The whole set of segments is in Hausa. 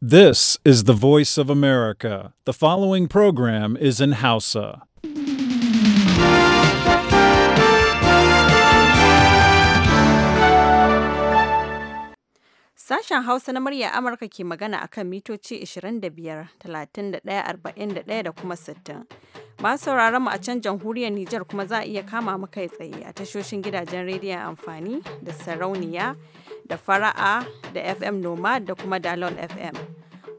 This is the voice of America. The following program is in Hausa. Sashen Hausa na murya Amurka ke magana akan mitoci 25, 31, da kuma 60. Masu sauraron mu a can jamhuriyar Nijar kuma za a iya kama mu kai tsaye a tashoshin gidajen rediyon amfani da sarauniya. da fara'a da FM Nomad da kuma Dalol FM.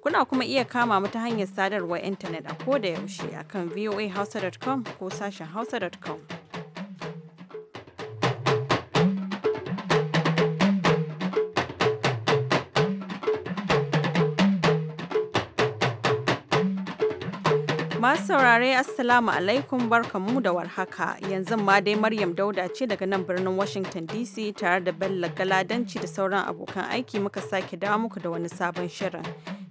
Kuna kuma iya kama mu ta hanyar sadarwar intanet a koda yaushe akan voahausa.com ko sashen hausa.com. Masu saurare Assalamu alaikum barkamu da warhaka yanzu ma dai Maryam Dauda ce daga nan birnin Washington DC tare da Bello Galadanci da sauran abokan aiki muka sake dawo muku da wani sabon shirin.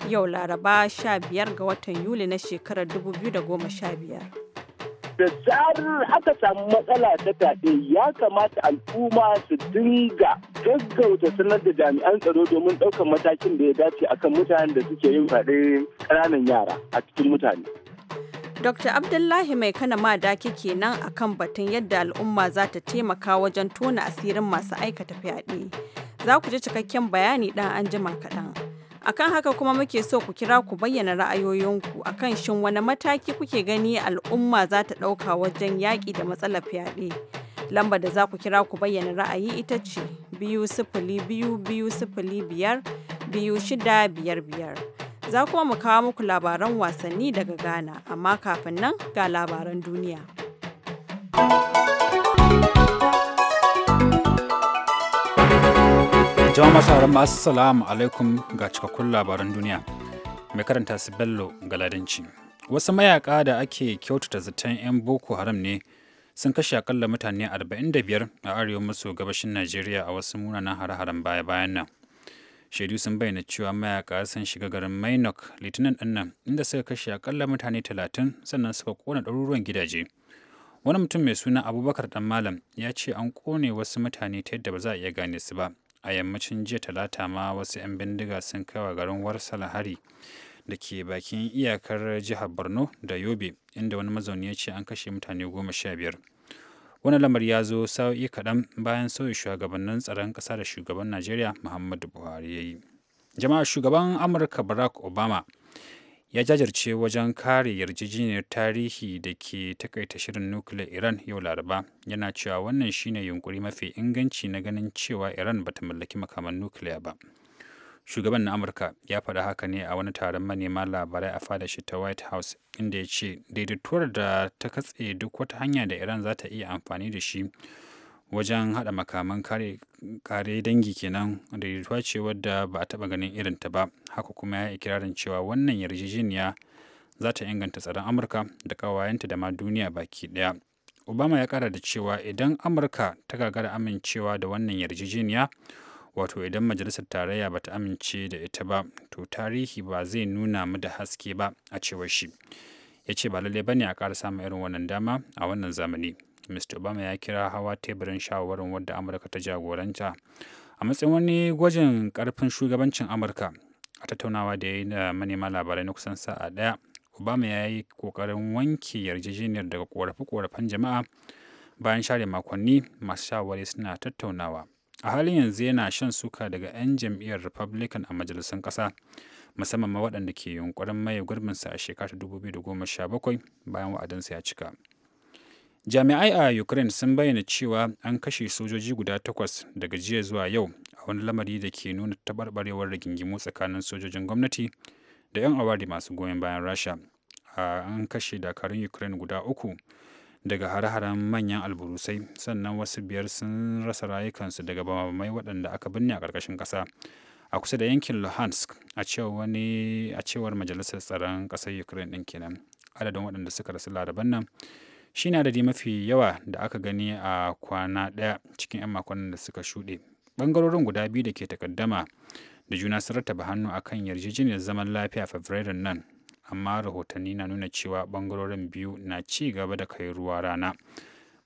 Yau Laraba 15 ga watan Yuli na shekarar 2015. Da zarar aka samu matsala ta fyaɗe ya kamata al'umma su dinga gaggauta sanar da jami'an tsaro domin ɗaukar matakin da ya dace akan mutanen da suke yin fyaɗe ƙananan yara a cikin mutane. Dr. Abdullahi mai kana madaki kenan akan batun yadda al'umma za ta taimaka wajen tona asirin masu aikata fyaɗe. Za ku ji cikakken bayani ɗan anjima kaɗan. Akan haka kuma muke so ku kira ku bayyana ra'ayoyinku akan shin wani mataki kuke gani al'umma za ta ɗauka wajen yaƙi da matsalar fyaɗe. Lamba da za ku kira ku bayyana ra'ayi ita ce biyu sifili biyu biyu sifili biyar biyu shida biyar biyar. Za kuma mu kawo muku labaran wasanni daga Ghana, amma kafin nan ga labaran duniya. Jama'a masu haram masu salamu alaikum ga cikakkun labaran duniya. Mai karanta su Bello Galadinci. Wasu mayaka da ake kyautata zaton 'yan Boko Haram ne sun kashe akalla mutane 45 a arewa maso gabashin Najeriya a wasu munanan hare-haren baya-bayan nan. shaidu sun bayyana cewa mayaka sun shiga garin mainok litinin nan inda suka kashe akalla mutane talatin sannan suka kona ɗaruruwan gidaje wani mutum mai suna abubakar dan malam ya ce an kone wasu mutane ta yadda ba za a iya gane su ba a yammacin jiya talata ma wasu 'yan bindiga sun kawa garin warsala hari da ke bakin iyakar jihar borno da yobe inda wani mazauni ya ce an kashe mutane goma sha biyar wani lamar ya zo sa'o'i kaɗan bayan sauyi shugabannin tsaron ƙasa da shugaban najeriya muhammadu buhari ya yi jama'a shugaban amurka barack obama ya jajirce wajen kare yarjejeniyar tarihi da ke takaita shirin nukiliyar iran yau laraba yana cewa wannan shine yunkuri mafi inganci na ganin cewa iran bata mallaki makaman nukiliya ba shugaban na amurka ya faɗa haka ne a wani taron manema labarai a fada shi ta white house inda ya ce daidaituwar da ta katse duk wata hanya da iran za ta iya amfani da shi wajen haɗa makaman kare dangi kenan daidaituwa ce wadda ba a taɓa ganin irin ta ba haka kuma ya ikirarin cewa wannan yarjejeniya za ta inganta tsaron amurka da ƙawayenta da ma duniya baki ɗaya obama ya kara da cewa idan amurka ta gagara amincewa da wannan yarjejeniya wato idan majalisar tarayya ba ta amince da ita ba to tarihi ba zai nuna mu da haske ba a cewar shi ya ce ba lallai ne a ƙara samun irin wannan dama a wannan zamani mr obama ya kira hawa teburin shawarwarin wadda amurka ta jagoranta a matsayin wani gwajin karfin shugabancin amurka a tattaunawa da ya yi da manema labarai na kusan sa'a daya obama ya yi kokarin wanke yarjejeniyar daga korafe-korafen jama'a bayan share makonni masu shawari suna tattaunawa a halin yanzu yana shan suka daga 'yan jam'iyyar republican a majalisun ƙasa musamman ma waɗanda ke yunkurin maye gurbinsa a shekarar 2017 bayan wa'adansa ya cika jami'ai a ukraine sun bayyana cewa an kashe sojoji guda takwas daga jiya zuwa yau a wani lamari da ke nuna taɓarɓarewar rigingimu tsakanin sojojin gwamnati da 'yan awari masu goyon bayan rasha an kashe dakarun ukraine guda uku daga hare-haren manyan alburusai sannan wasu biyar sun rasa rayukansu daga bamamai waɗanda aka binne a ƙarƙashin ƙasa a kusa da yankin luhansk a cewar majalisar tsaron ƙasar ukraine ɗin kenan adadin waɗanda suka rasu laraban nan shi na adadi mafi yawa da aka gani a kwana ɗaya cikin 'yan makonnin da suka shuɗe ɓangarorin guda biyu da ke takaddama da juna sun rattaba hannu akan yarjejeniyar zaman lafiya fabrairun nan amma rahotanni na nuna cewa bangarorin biyu na ci gaba da kai ruwa rana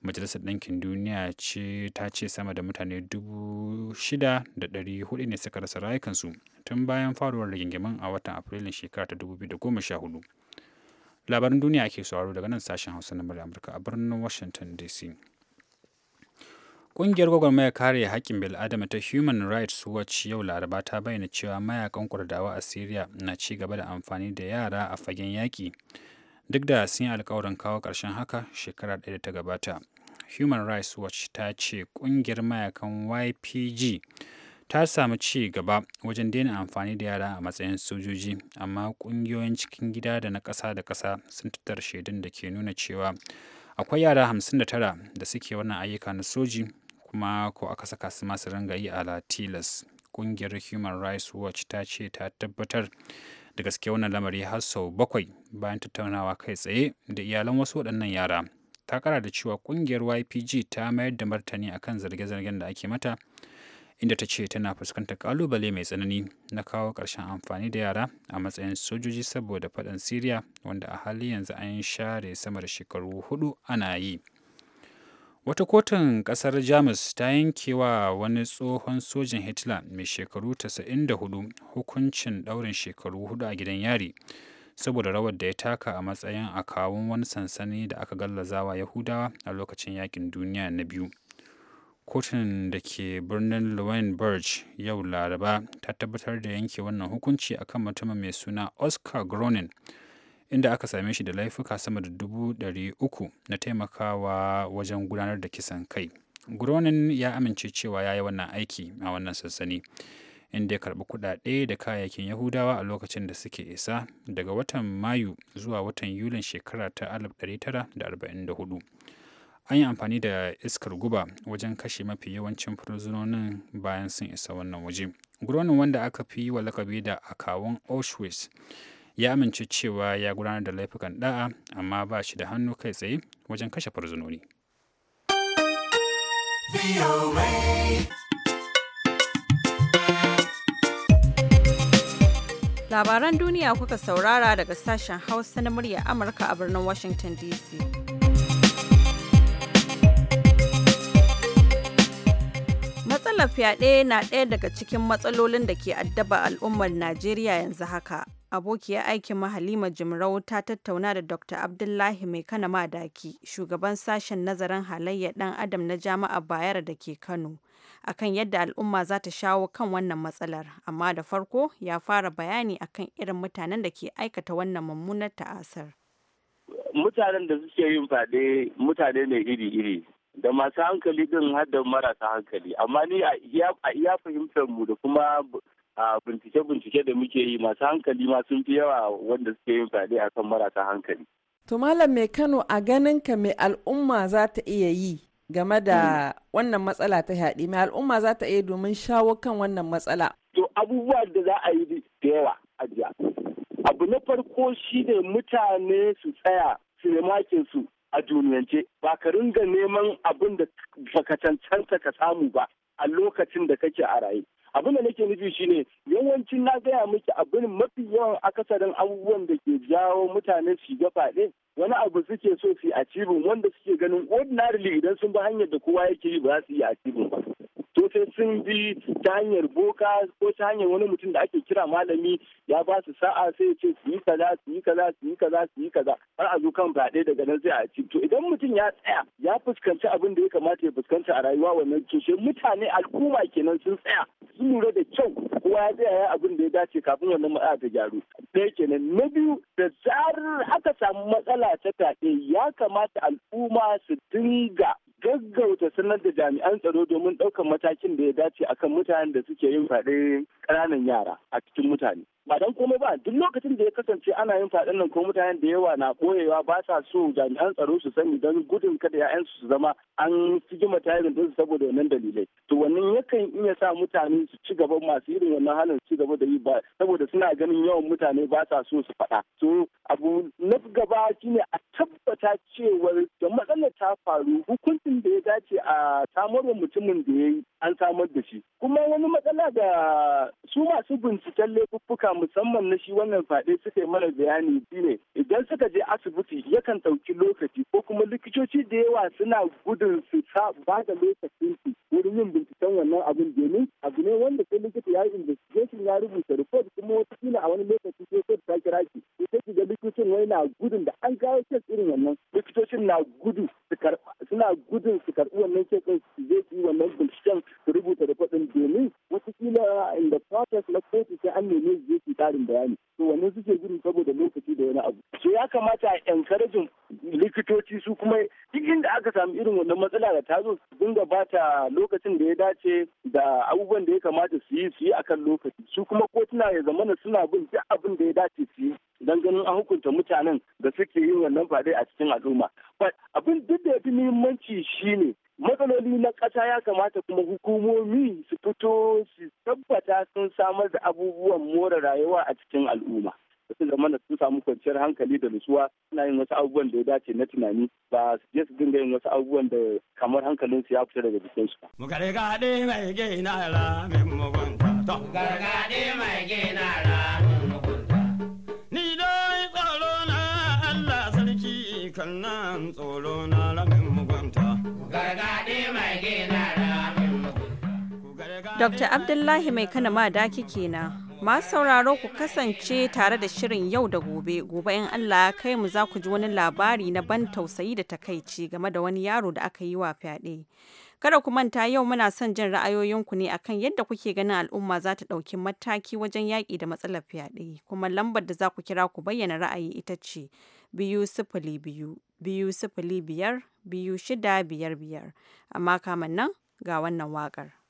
majalisar ɗankin duniya ce ta ce sama da mutane hudu ne suka rasa rayukansu tun bayan faruwar rigingimin a watan afrilun shekara ta da goma sha hudu labarin duniya ake sauraro daga nan sashen hausa na amurka a birnin washington dc Ƙungiyar gwagwarmaya kare haƙƙin bil'adama ta Human Rights Watch yau Laraba ta bayyana cewa mayakan Kurdawa a Siriya na ci gaba da amfani da yara a fagen yaƙi. Duk da sun yi alkawarin kawo ƙarshen haka shekara ɗaya da ta gabata. Human Rights Watch ta ce ƙungiyar mayakan YPG ta samu ci gaba wajen daina amfani da yara a matsayin sojoji, amma ƙungiyoyin cikin gida da na ƙasa da ƙasa sun tattara shaidun da ke nuna cewa akwai yara hamsin da tara da suke wannan ayyuka na soji mako aka saka su masu rangayi yi a latilas kungiyar human rights watch ta ce ta tabbatar da gaske wannan lamari har sau bakwai bayan tattaunawa kai tsaye da iyalan wasu waɗannan yara ta kara da cewa kungiyar ypg ta mayar da martani akan zarge-zargen da ake mata inda ta ce tana fuskantar kalubale mai tsanani na kawo ƙarshen amfani da yara a matsayin sojoji saboda faɗan siriya wanda a halin yanzu an share sama da shekaru hudu ana yi wata kotun kasar jamus ta yanke wa wani tsohon sojin hitler mai shekaru 94 hukuncin daurin shekaru hudu a gidan yari saboda rawar da ya taka a matsayin a kawun wani sansani da aka gallazawa yahudawa a lokacin yakin duniya na biyu kotun da ke birnin Luwenberg yau laraba ta tabbatar da yanke wannan hukunci akan mutumin mai suna oscar gronin inda aka same shi da laifuka sama da dubu ɗari uku na taimakawa wajen gudanar da kisan kai gronin ya amince cewa ya yi wannan aiki a wannan sassani inda ya karɓi kuɗaɗe da kayayyakin yahudawa a lokacin da suke isa daga watan mayu zuwa watan yulin shekara ta 1944 an yi amfani da iskar guba wajen kashe mafi yawancin fursunonin bayan sun isa wannan waje gronin wanda aka fi wa lakabi da akawun auschwitz ya amince cewa ya gudanar da laifukan da'a amma ba shi da hannu kai tsaye wajen kashe farzunoni. Labaran duniya kuka saurara daga sashen Hausa na murya Amurka a birnin Washington DC. Matsalar fyaɗe na ɗaya daga cikin matsalolin da ke addaba al'ummar Najeriya yanzu haka. abokiyar aikin Halima Jimrau ta tattauna da Dr. Abdullahi Mai Kana Madaki, shugaban sashen nazarin halayyar ɗan Adam na Jama'a Bayero da ke Kano, akan yadda al'umma za ta shawo kan wannan matsalar, amma da farko ya fara bayani akan irin mutanen da ke aikata wannan mummunar ta'asar. Mutanen da suke yin fade mutane ne iri-iri, da masu hankali din har da marasa hankali, amma ni a iya fahimtar mu da kuma a bincike-bincike da muke yi masu hankali ma sun fi yawa wanda suke yin fyaɗe a kan marasa hankali. To Malam mai Kano a ganin ka mai al'umma za ta iya yi game da wannan matsala ta yaɗi. mai al'umma za ta iya domin shawo kan wannan matsala. To abubuwa da za a yi da yawa a jiya. Abu na farko shi ne mutane su tsaya su su a duniyance ba ka ringa neman abin da baka cancanta ka samu ba a lokacin da kake a raye. abin da nake nufi shine yawancin na gaya miki abin mafi yawan akasarin abubuwan da ke jawo mutane su ga faɗe wani abu suke so su yi a cibin wanda suke ganin ordinarily idan sun bi hanyar da kowa yake yi ba za su yi a cibin ba to sai sun bi ta hanyar boka ko ta hanyar wani mutum da ake kira malami ya ba su sa'a sai ya ce su yi kaza su yi kaza su yi kaza su yi kaza har a zo kan fade daga nan sai a ci to idan mutum ya tsaya ya fuskanci abin da ya kamata ya fuskanta a rayuwa wannan to sai mutane al'umma kenan sun tsaya sun lura da kyau kowa ya tsaya ya abin da ya dace kafin wannan matsala ta gyaru ɗaya kenan na biyu da zarar aka samu matsala ta tafe ya kamata al'umma su dinga gaggauta sanar da jami'an tsaro domin ɗaukar matakin da ya dace akan mutanen da suke yin faɗin ƙananan yara a cikin mutane. ba dan komai ba duk lokacin da ya kasance ana yin faɗin nan ko mutanen da yawa na koyewa ba sa so jami'an tsaro su sani don gudun kada ya'yan su zama an gima tayin din saboda wannan dalilai to wannan yakan iya sa mutane su ci gaba masu irin wannan halin su ci gaba da yi ba saboda suna ganin yawan mutane ba sa so su faɗa to abu na gaba shine a tabbata cewa da matsalar ta faru hukuncin da ya dace a samar wa mutumin da ya yi an samar da shi kuma wani matsala da su masu binciken laifuffuka musamman na shi wannan fade suka yi mana bayani ne. idan suka je asibiti yakan ɗauki lokaci ko kuma likitoci da yawa suna gudun su ba da lokacin su wurin yin binciken wannan abin domin abu ne wanda sai likita ya yi investigation ya rubuta report kuma wata kila a wani lokaci sai ko ta kira shi sai take ga likitocin wai na gudun da an kawo kes irin wannan likitocin na gudu su karɓa suna gudun su karɓi wannan kes din su je su yi wannan binciken su rubuta report ɗin domin wata kila in the process na kotu sai an nemi su tarin bayani to wanne suke gudu saboda lokaci da wani abu so ya kamata a encouraging likitoci su kuma duk inda aka samu irin wannan matsala da ta zo su dinga bata lokacin da ya dace da abubuwan da ya kamata su yi su yi akan lokaci su kuma ko kotuna ya zamana suna bin duk abin da ya dace su yi don ganin an hukunta mutanen da suke yin wannan fade a cikin al'umma. But abin duk da ya fi muhimmanci shine matsaloli na ƙasa ya kamata kuma hukumomi su fito su tabbata sun samar da abubuwan more rayuwa a cikin al'umma sun zama da sun samu kwanciyar hankali da nutsuwa suna yin wasu abubuwan da ya dace na tunani ba su je su dinga yin wasu abubuwan da kamar hankalin su ya fita daga jikin ba. mai gina ra min To. mai gina ra min Ni dai tsoro na Allah sarki kan nan tsoro na ra min mugunta. Dr. Abdullahi mai kana ma daki na. Masu sauraro ku kasance tare da shirin yau da gobe, gobe in Allah ya kai mu za ku ji wani labari na ban tausayi da takaici game da wani yaro da aka yi wa fyaɗe. Kada ku manta yau muna son jin ra'ayoyinku ne akan yadda kuke ganin al'umma za ta ɗauki mataki wajen yaƙi da matsalar fyaɗe, kuma lambar da za ku kira ku bayyana ra'ayi ita ce biyu sifili biyu biyu sifili biyar biyu shida biyar biyar amma kamun nan ga wannan waƙar.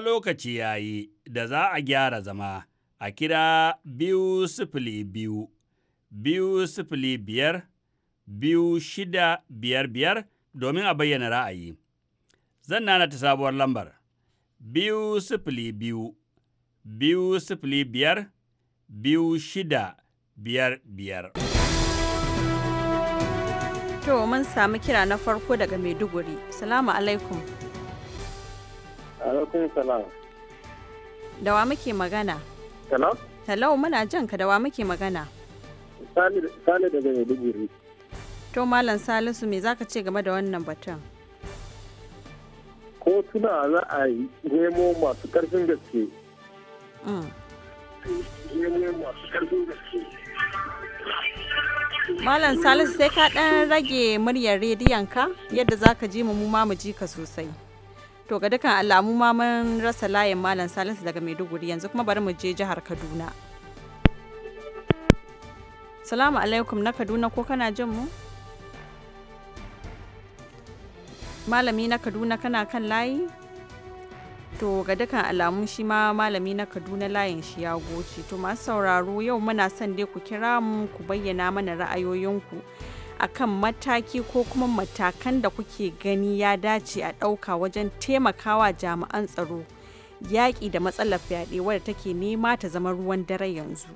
lokaci ya yi da za a gyara zama a kira biyu sifili biyu, biyu sifili biyar, biyu shida biyar biyar domin a bayyana ra'ayi. Zan nana ta sabuwar lambar, biyu sifili biyu, biyu sifili biyar, biyu shida biyar biyar. To, mun sami kira na farko daga Maiduguri. Salamu alaikum. Alaikum salam. Da wa muke magana? Hello? Hello muna jan ka da wa muke magana? Sale daga Maiduguri. To Malam Salisu me zaka ce game da wannan batun? Ko tuna za a yi nemo masu karfin mm. gaske. Malam Salisu sai ka ɗan rage muryar rediyon ka yadda za ka ji mu ma mu ji ka sosai. to ga dukkan alamu ma mun rasa layin malam salisu daga maiduguri yanzu kuma bari mu je jihar kaduna salamu alaikum na kaduna ko kana jin mu malami na kaduna kana kan layi to ga dukkan alamu shi ma malami na kaduna layin shi ya goce to masu sauraro yau muna son dai ku kira mu ku bayyana mana ra'ayoyinku akan mataki ko kuma matakan da kuke gani ya dace a ɗauka wajen taimakawa jami'an tsaro yaƙi da matsalar fyaɗe wadda take nema ta zama ruwan dare yanzu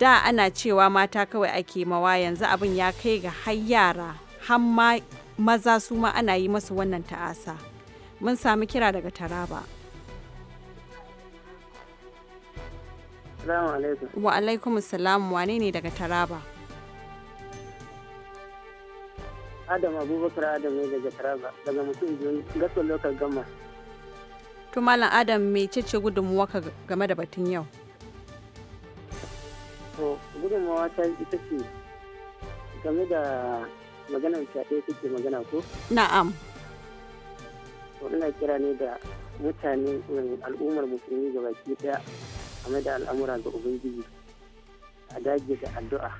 da ana cewa mata kawai ake mawa yanzu abin ya kai ga har yara har ma maza su ma ana yi masu wannan ta'asa mun sami kira daga taraba wa alaikum salam wane ne daga taraba Adam Abubakar Adam ne daga Taraba daga mutum biyu gasar lokal gama. To Malam Adam mecece gudunmuwa ka game da batun yau? To gudunmuwa ta ita ce game da maganar fyaɗe kuke magana ko? Na'am. To ina kira ne da mutane al'ummar musulmi baki ɗaya a game da al'amura ga Ubangiji a dage da addu'a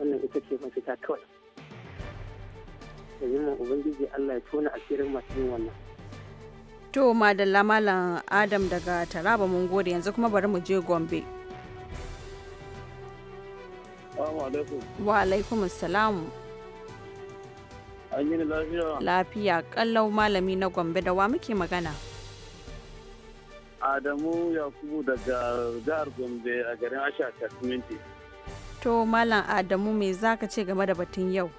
wannan ita ce mafita kawai. da ubangiji Allah ya tona asirin masu adam daga taraba mun yanzu kuma bari mu je gombe wa alaikum salam. an yi lafiya lafiya kallau malami na gombe da wa muke magana adamu yakubu daga jihar gombe a garin asha kasminti to malam adamu me za ka ce game da batun yau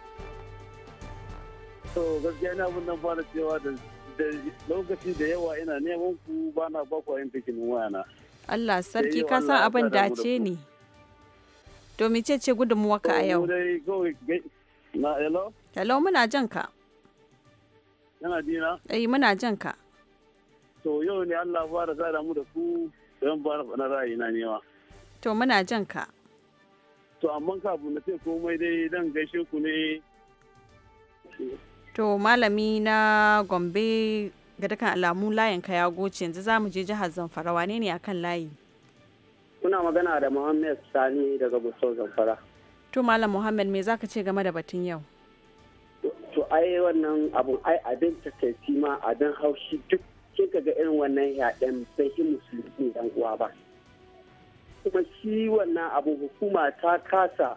to gaskiya ina abin nan fara cewa da lokaci da yawa ina neman ku ba na ba ku yin fikin wayana Allah sarki ka san abin dace ne to me ce gudunmuwa ka a yau hello muna jan ka yana dina eh muna jan ka to yau ne Allah da sada mu da ku don ba na ra'ayi na nema to muna jan ka to amma kafin na ce komai dai dan gaishe ku ne to malami na gombe ga dukkan alamu layin ka ya goce yanzu za mu je jihar zamfara wane ne akan layi kuna magana da muhammed sani daga gusau zamfara to malam muhammed me zaka ce game da batun yau to ai wannan abu ai abin takaici ma abin haushi duk kin ga irin wannan yaɗen bai yi musulmi dan uwa ba kuma shi wannan abu hukuma ta kasa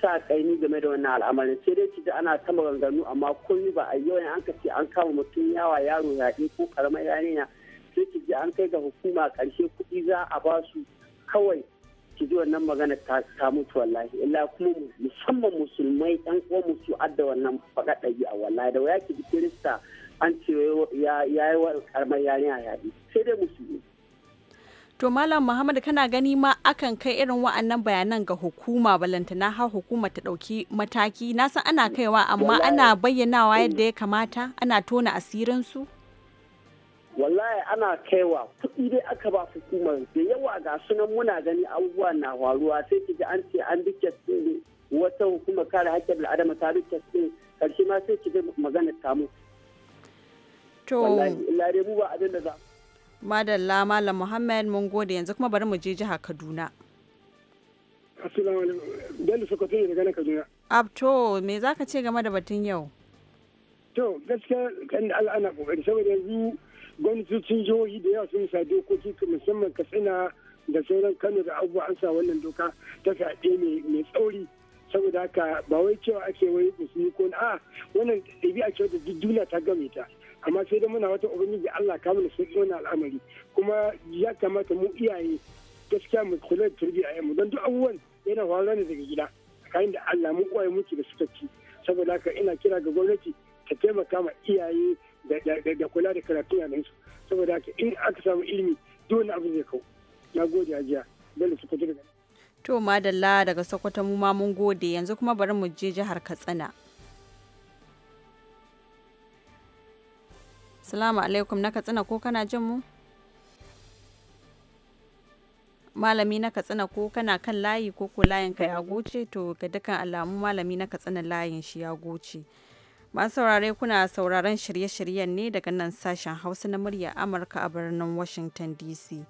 sa kaini game da wannan al'amarin sai dai ci ana ta maganganu amma komai ba a yau an ka ce an kama mutum yawa yaro yaɗe ko karamar yarinya sai ci ji an kai ga hukuma ƙarshe kuɗi za a ba su kawai ki ji wannan magana ta ta mutu wallahi illa kuma musamman musulmai ɗan uwan musu adda wannan faɗa a wallahi da waya ki ji kirista an ce ya yi wa karamar yarinya yaɗe sai dai musulmi. To Malam Muhammad kana gani ma akan kai irin wa'annan bayanan ga hukuma balantana har hukuma ta ɗauki mataki na san ana kaiwa amma ana bayyanawa yadda ya kamata ana tona asirin su. Wallahi ana kaiwa kuɗi dai aka ba hukumar da yawa ga sunan muna gani abubuwa na faruwa sai ki ji an ce an bi ɗin wata hukumar kare haƙƙin al'adama ta bi ɗin karshe ma sai ki ji magana ta mu. To. Wallahi, lare mu ba abin da za Madalla Malam Muhammad mun gode yanzu kuma bari mu je jiha Kaduna. Abto, me za ka ce game da batun yau? To, gaskiya kan al'ana kokari saboda yanzu gwamnatocin jihohi da yawa sun sa dokoki musamman Katsina da sauran Kano da abubuwa an sa wannan doka ta fyaɗe mai tsauri. saboda haka ba wai cewa ake wai musu ko a wannan a a wata duniya ta game ta amma sai da muna wata ubangiji Allah ka mana sauki wannan al'amari kuma ya kamata mu iyaye gaskiya mu kula da tarbiyya mu don duk abubuwan yana faruwa ne daga gida kayan da Allah mu uwaye muke da suka ci saboda haka ina kira ga gwamnati ta taimaka ma iyaye da kula da karatu yanansu saboda haka in aka samu ilimi duk wani abu zai kau na gode ajiya dole su fito To madalla daga Sokoto mu ma mun gode yanzu kuma bari mu je jihar Katsina. Salamu alaikum na Katsina ko kana jin mu? Malami na Katsina ko kana kan layi ko ko layin ka ya goce to ga dukkan alamu malami na Katsina layin shi ya goce. Masu saurare kuna sauraron shirye-shiryen ne daga nan sashen Hausa na murya Amurka a birnin Washington DC.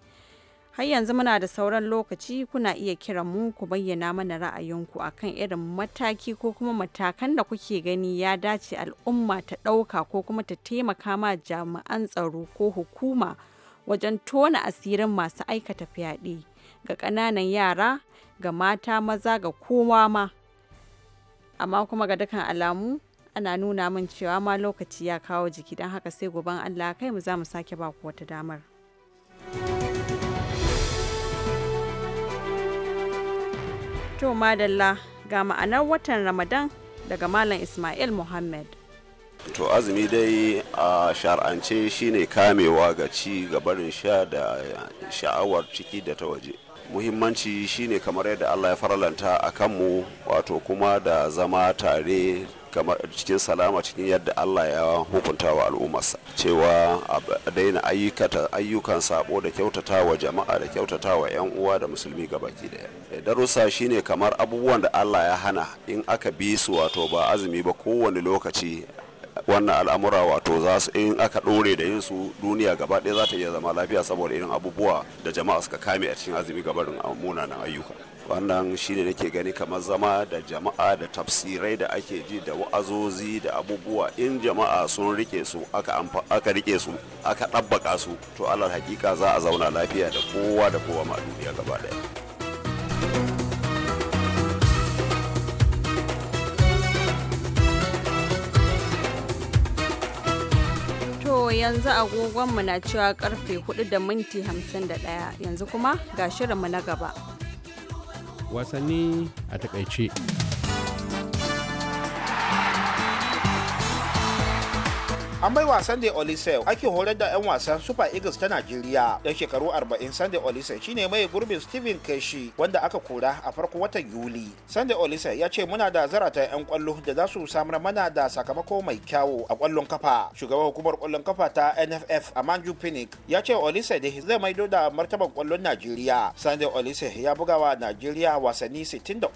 Har yanzu muna da sauran lokaci kuna iya kiran mu ku bayyana mana ra'ayinku akan irin mataki ko kuma matakan da kuke gani ya dace al'umma ta ɗauka ko kuma ta taimaka ma jami'an tsaro ko hukuma wajen tona asirin masu aikata fyaɗe ga ƙananan yara ga mata maza ga kowa ma. Amma kuma ga dukkan alamu ana nuna min cewa ma lokaci ya kawo jiki don haka sai gobe Allah kai mu za mu sake baku wata damar. To madalla ga ma'anar watan Ramadan daga Malam Ismail Muhammad. To azumi dai a shar'ance shine kamewa ga ci gabarin sha da sha'awar ciki da ta waje. Muhimmanci shine kamar yadda Allah ya faralanta a kanmu wato kuma da zama tare cikin salama cikin yadda Allah ya hukunta wa al'ummarsa cewa a daina ayyukata ayyukan sabo da kyautata wa jama'a da kyautata wa 'yan uwa da musulmi gabaki daya eh, darussa shine kamar abubuwan da Allah ya hana in aka bi su wato ba azumi ba kowane lokaci wannan al'amura wato za su in aka ɗore da yin su duniya gaba ɗaya za ta iya zama lafiya saboda irin abubuwa da jama'a suka kame a cikin azumi gabarin munanan ayyuka wannan shine nake gani kamar zama da jama'a da tafsirai da ake ji da wa'azozi da abubuwa in jama'a sun rike su aka aka rike su aka ɗabbaka su to alal hakika za a zauna lafiya da kowa da kowa ma duniya gaba ɗaya yanzu agogonmu na cewa karfe 4 da minti 51 yanzu kuma ga shirinmu na gaba. wasanni a takaice. an bai wasan sunday olisel ake horar da 'yan wasan super eagles ta najeriya dan shekaru 40 sunday olisel shine mai gurbin steven keshi wanda aka kora a farko watan yuli sunday olisel ya ce muna da zarata 'yan kwallo da za su samar mana da sakamako mai kyawu a kwallon kafa shugaban hukumar kwallon kafa ta nff amanju pinnick ya ce olisel zai maido da martaban kwallon najeriya sunday olisel ya buga wa najeriya wasanni 63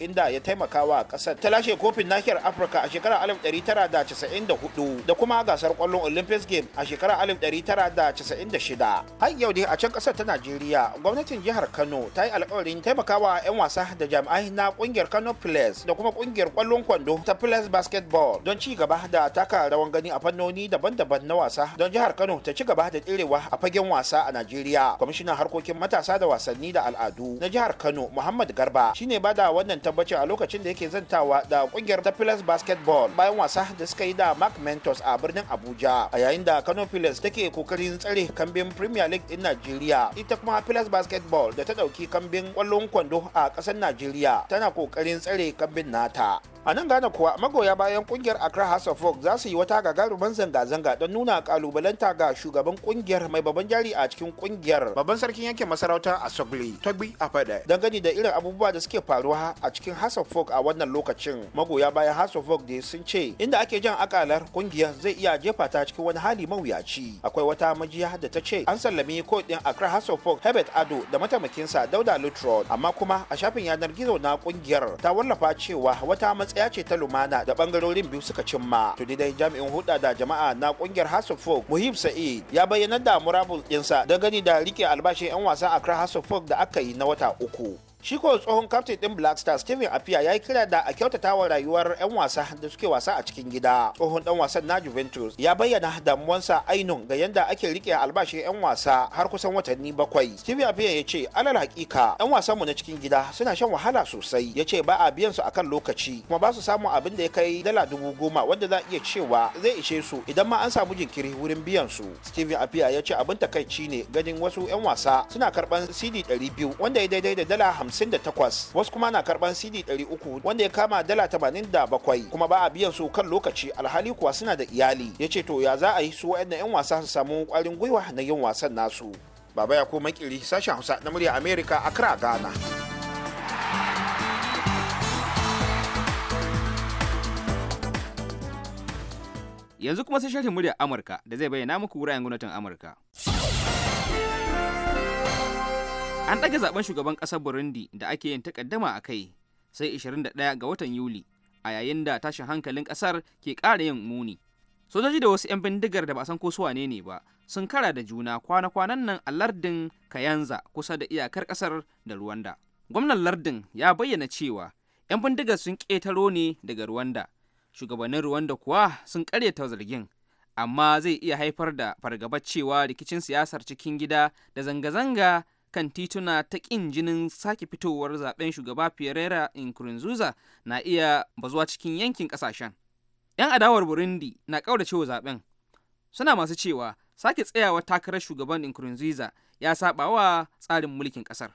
inda ya taimaka wa kasar ta lashe kofin nahiyar afirka a shekarar 1994 da kuma gasar kwallon olympics game a shekarar 1996 har yau dai a can kasar ta najeriya gwamnatin jihar kano ta yi alkawarin taimakawa 'yan wasa da jami'ai na kungiyar kano plus da kuma kungiyar kwallon kwando ta plus basketball don ci gaba da taka rawan gani a fannoni daban-daban na wasa don jihar kano ta ci gaba da tserewa a fagen wasa a najeriya kwamishinan harkokin matasa da wasanni da al'adu na jihar kano muhammad garba shine bada wannan tabbacin a lokacin da yake zantawa da kungiyar ta plus basketball bayan wasa da suka yi da mark mentors a birnin birnin Abuja a yayin da Kano Pilas take kokarin tsare kambin Premier League din Najeriya ita kuma Pilas Basketball da ta dauki kambin kwallon kwando a ƙasar Najeriya tana kokarin tsare kambin nata. a nan gane kuwa magoya bayan kungiyar accra house of work za su yi wata gagarumin zanga-zanga don nuna kalubalanta ga shugaban kungiyar mai babban jari a cikin kungiyar babban sarkin yankin masarauta a sogli togbi a fada gani da irin abubuwa da suke faruwa a cikin house of work a wannan lokacin magoya bayan house of work dai sun ce inda ake jan akalar kungiyar zai iya jefa ta cikin wani hali mawuyaci akwai wata majiya da ta ce an sallami ko din accra house of work herbert ado da mataimakinsa dauda Lutron. amma kuma a shafin yanar gizo na kungiyar ta wallafa cewa wata matsaya ce ta lumana da bangarorin biyu suka cimma tuni dai jami'in hulɗa da jama'a na kungiyar House Folk Muhib Sa'id ya bayyana da murabus ɗinsa da gani da rike albashin 'yan wasan Accra House Folk da aka yi na wata uku. shi ko tsohon kaftin din black stars steven apia ya yi kira da a kyautata wa rayuwar 'yan wasa da suke wasa a cikin gida tsohon dan wasan na juventus ya bayyana damuwansa ainun ga yadda ake rike albashin 'yan wasa har kusan watanni bakwai steven apia ya ce alal hakika 'yan wasan mu na cikin gida suna shan wahala sosai ya ce ba a biyan su akan lokaci kuma ba su samun abin da ya kai dala dubu goma wanda za iya cewa zai ishe su idan ma an samu jinkiri wurin biyan su steven apia ya ce abin takaici ne ganin wasu 'yan wasa suna karban cd 200 wanda ya daidai da dala 50 58 wasu kuma na karban cd 300 wanda ya kama dala 87 kuma ba a biyan su kan lokaci alhali kuwa suna da iyali ya ce to ya za a yi su waɗannan 'yan wasa su samu kwarin gwiwa na yin wasan nasu baba ya koma kiri sashen hausa na murya america accra ghana yanzu kuma sai shirin murya amurka da zai bayyana muku wuraren gwamnatin amurka An ɗage zaben shugaban ƙasar Burundi da ake yin takaddama a kai sai 21 ga watan Yuli a yayin da tashin hankalin ƙasar ke ƙara yin muni. Sojoji da wasu 'yan bindigar da ba san ko su wane ne ba sun kara da juna kwana-kwanan nan a lardin Kayanza kusa da iyakar kasar da ruwanda. Gwamnan lardin ya bayyana cewa 'yan bindigar sun ƙetaro ne daga ruwanda, Shugabannin Rwanda kuwa sun ƙaryata zargin amma zai iya haifar da fargabar cewa rikicin siyasar cikin gida da zanga-zanga kan tituna ta ƙin jinin sake fitowar zaben shugaba Pierre Nkurunziza na iya bazuwa cikin yankin ƙasashen. 'Yan adawar Burundi na ƙauracewa zaben. Suna masu cewa sake tsayawa takarar shugaban Nkurunziza ya saba wa tsarin mulkin ƙasar.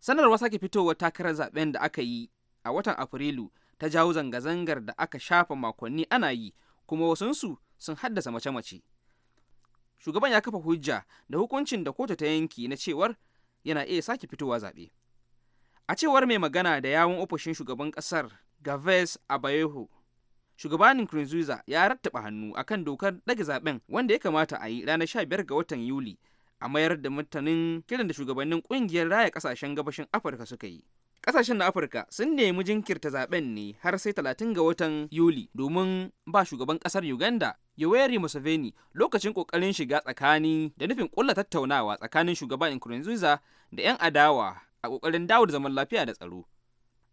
Sanarwa sake fitowar takarar zaben da aka yi a watan Afrilu ta jawo zanga-zangar da aka shafa makonni ana yi kuma wasunsu sun haddasa mace-mace. Shugaban ya kafa hujja da hukuncin da kotu ta yanki na cewar yana iya sake fitowa zaɓe a cewar mai magana da yawon ofishin shugaban ƙasar gaves abayeho shugabanin Nkurunziza ya rattaba hannu a kan dokar ɗage zaɓen wanda ya kamata a yi ranar 15 ga watan Yuli a mayar da mutanen kiran da shugabannin ƙungiyar raya ƙasashen gabashin Afirka suka yi. ƙasashen na Afirka sun nemi jinkirta zaɓen ne har sai 30 ga watan Yuli domin ba shugaban ƙasar Uganda Yoweri Museveni lokacin kokarin shiga tsakani da nufin kulla tattaunawa tsakanin shugaban Nkurunziza da 'yan adawa a kokarin dawo da zaman lafiya da tsaro.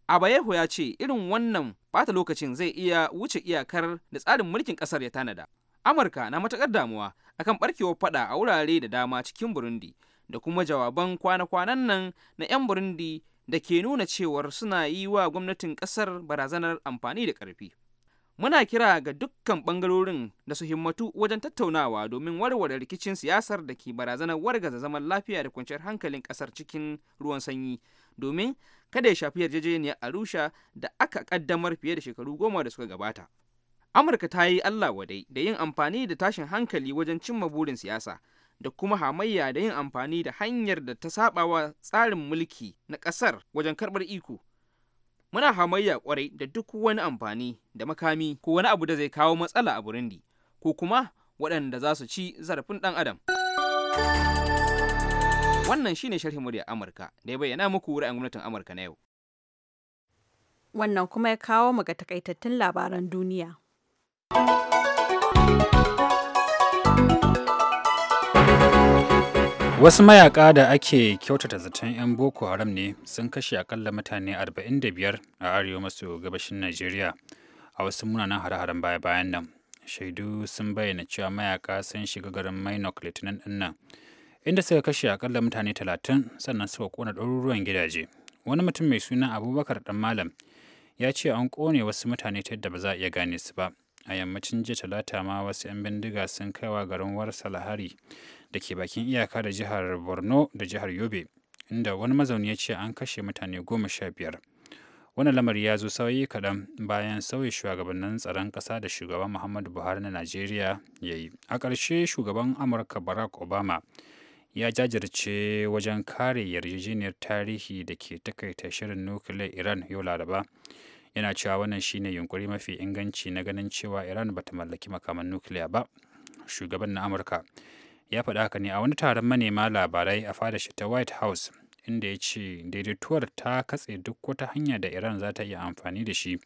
Abayeho ya ce irin wannan bata lokacin zai iya wuce iyakar da tsarin mulkin kasar ya tanada. Amurka na matakar damuwa akan barkewar fada a wurare da dama cikin Burundi da kuma jawaban kwana-kwanan nan na 'yan Burundi da ke nuna cewar suna yi wa gwamnatin kasar barazanar amfani da ƙarfi. muna kira ga dukkan bangarorin da su himmatu wajen tattaunawa domin warware rikicin siyasar da ke barazanar wargaza zaman lafiya da kwanciyar hankalin ƙasar cikin ruwan sanyi domin kada ya shafi yarjejeniyar arusha da aka kaddamar fiye da shekaru goma da suka gabata amurka ta yi allah wadai da yin amfani da tashin hankali wajen cimma burin siyasa da kuma hamayya da yin amfani da hanyar da ta saɓawa tsarin mulki na ƙasar wajen karɓar iko muna hamayya kwarai da duk wani amfani da makami ko wani abu da zai kawo matsala a burundi ko kuma waɗanda za su ci zarafin ɗan adam wannan shine sharhin murya amurka da ya bayyana muku ra'ayin gwamnatin amurka na yau wannan kuma ya kawo mu ga takaitattun labaran duniya Wasu mayaka da ake kyautata zaton 'yan Boko Haram ne sun kashe akalla mutane 45 a arewa maso gabashin Najeriya a wasu munanan hare-haren baya-bayan nan. Shaidu sun bayyana cewa mayaka sun shiga garin Minok Litinin din nan, inda suka kashe akalla mutane 30 sannan suka kona ɗaruruwan gidaje. Wani mutum mai suna Abubakar Dan Malam ya ce an kone wasu mutane ta yadda ba za a iya gane su ba. a yammacin jiya talata ma wasu 'yan bindiga sun kaiwa garin warsala lahari da ke bakin iyaka da jihar borno da jihar yobe inda wani mazauni ya ce an kashe mutane goma sha biyar wannan lamari ya zo sauyi kaɗan bayan sauyi shugabannin tsaron ƙasa da shugaban muhammadu buhari na najeriya ya yi a ƙarshe shugaban amurka barack obama ya jajirce wajen kare yarjejeniyar tarihi da ke takaita shirin nukiliyar iran yau laraba yana cewa wannan shine yunkuri mafi inganci na ganin cewa iran bata mallaki makaman nukiliya ba shugaban na amurka ya faɗa haka ne a wani taron manema labarai a fadar shi ta white house inda ya ce daidaituwar ta katse duk wata hanya da iran za ta iya amfani da shi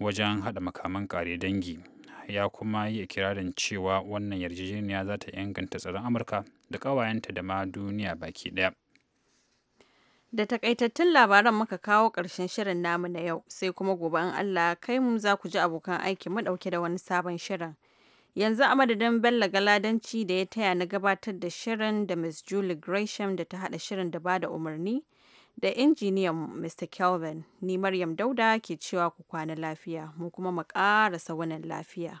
wajen haɗa makaman kare dangi ya kuma yi ikirarin cewa wannan yarjejeniya za ta inganta tsaron amurka da ƙawayenta da ma duniya baki ɗaya Da takaitattun labaran muka kawo ƙarshen shirin namu na yau, sai kuma gobe in Allah kai mu za ku ji abokan aiki mu ɗauke da wani sabon shirin. Yanzu a madadin Bello Galadanci da ya taya na gabatar da shirin da Miss Julie Gresham da ta haɗa shirin da ba da umarni da injiniyan Mr. Kelvin, ni Maryam Dauda ke cewa ku kwana lafiya, mu kuma mu ƙarasa wannan lafiya.